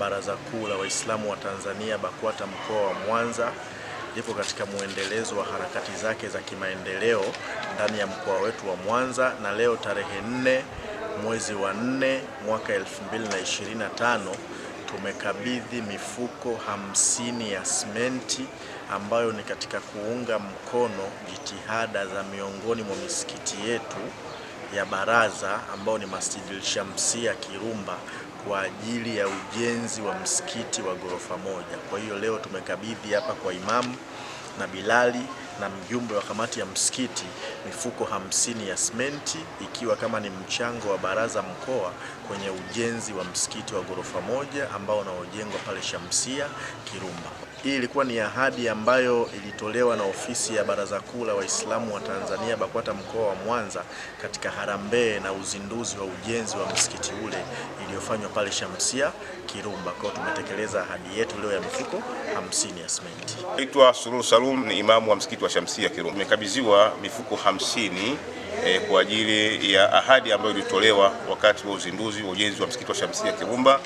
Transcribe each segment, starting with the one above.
Baraza Kuu la Waislamu wa Tanzania BAKWATA mkoa wa Mwanza lipo katika mwendelezo wa harakati zake za kimaendeleo ndani ya mkoa wetu wa Mwanza, na leo tarehe nne mwezi wa nne mwaka 2025 tumekabidhi mifuko hamsini ya simenti ambayo ni katika kuunga mkono jitihada za miongoni mwa misikiti yetu ya baraza ambayo ni Masjidil Shamsia Kirumba kwa ajili ya ujenzi wa msikiti wa ghorofa moja. Kwa hiyo leo tumekabidhi hapa kwa imamu na Bilali na mjumbe wa kamati ya msikiti mifuko hamsini ya simenti ikiwa kama ni mchango wa baraza mkoa kwenye ujenzi wa msikiti wa ghorofa moja ambao unaojengwa pale Shamsia Kirumba. Hii ilikuwa ni ahadi ambayo ilitolewa na ofisi ya Baraza Kuu la Waislamu wa Tanzania BAKWATA mkoa wa Mwanza katika harambee na uzinduzi wa ujenzi wa msikiti ule iliyofanywa pale Shamsia Kirumba. Kwa tumetekeleza ahadi yetu leo ya mifuko 50 ya simenti. Naitwa Suluhu Salum, ni imamu wa msikiti wa Shamsia Kirumba. Tumekabidhiwa mifuko 50 eh, kwa ajili ya ahadi ambayo ilitolewa wakati wa uzinduzi wa ujenzi wa msikiti wa Shamsia Kirumba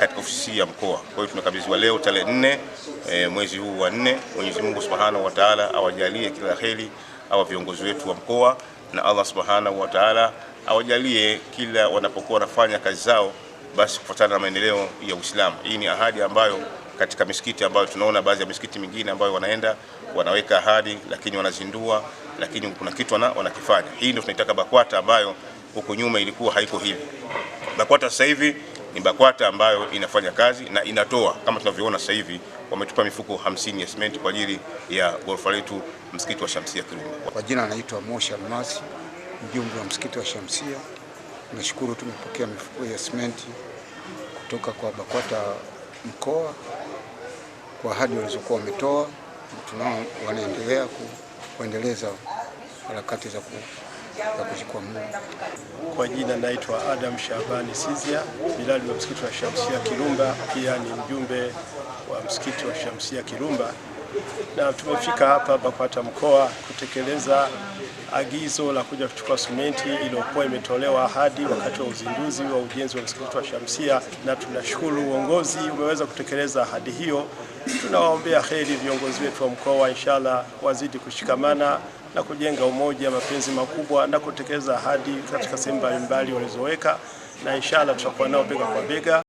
katika ofisi ya mkoa. Kwa hiyo tumekabidhiwa leo tarehe 4 e, mwezi huu wa nne. Mwenyezi Mungu Subhanahu wa Ta'ala awajalie kila heri awa viongozi wetu wa mkoa, na Allah Subhanahu wa Ta'ala awajalie kila wanapokuwa wanafanya kazi zao, basi kufuatana na maendeleo ya Uislamu. Hii ni ahadi ambayo katika misikiti ambayo tunaona baadhi ya misikiti mingine ambayo wanaenda wanaweka ahadi, lakini wanazindua, lakini kuna kitu wanakifanya. Hii ndio tunaitaka BAKWATA ambayo huko nyuma ilikuwa haiko hivi. BAKWATA sasa hivi ni BAKWATA ambayo inafanya kazi na inatoa kama tunavyoona sasa hivi wametupa mifuko 50 ya simenti kwa ajili ya ghorofa letu msikiti wa Shamsia Kirumba. Kwa jina anaitwa Moshi Almasi, mjumbe wa msikiti wa Shamsia. Nashukuru tumepokea mifuko ya simenti kutoka kwa BAKWATA mkoa kwa ahadi walizokuwa wametoa, tunao wanaendelea kuendeleza harakati za ku na kuchukua Mungu. Kwa jina naitwa Adam Shabani Sizia Bilali wa msikiti wa Shamsia Kirumba, pia ni mjumbe wa msikiti wa Shamsia Kirumba, na tumefika hapa BAKWATA mkoa kutekeleza agizo la kuja kuchukua simenti iliyokuwa imetolewa ahadi wakati wa uzinduzi wa ujenzi wa msikiti wa Shamsia, na tunashukuru uongozi umeweza kutekeleza ahadi hiyo. Tunawaombea heri viongozi wetu wa mkoa, inshallah wazidi kushikamana na kujenga umoja, mapenzi makubwa na kutekeleza ahadi katika sehemu mbalimbali walizoweka, na inshallah tutakuwa nao bega kwa bega.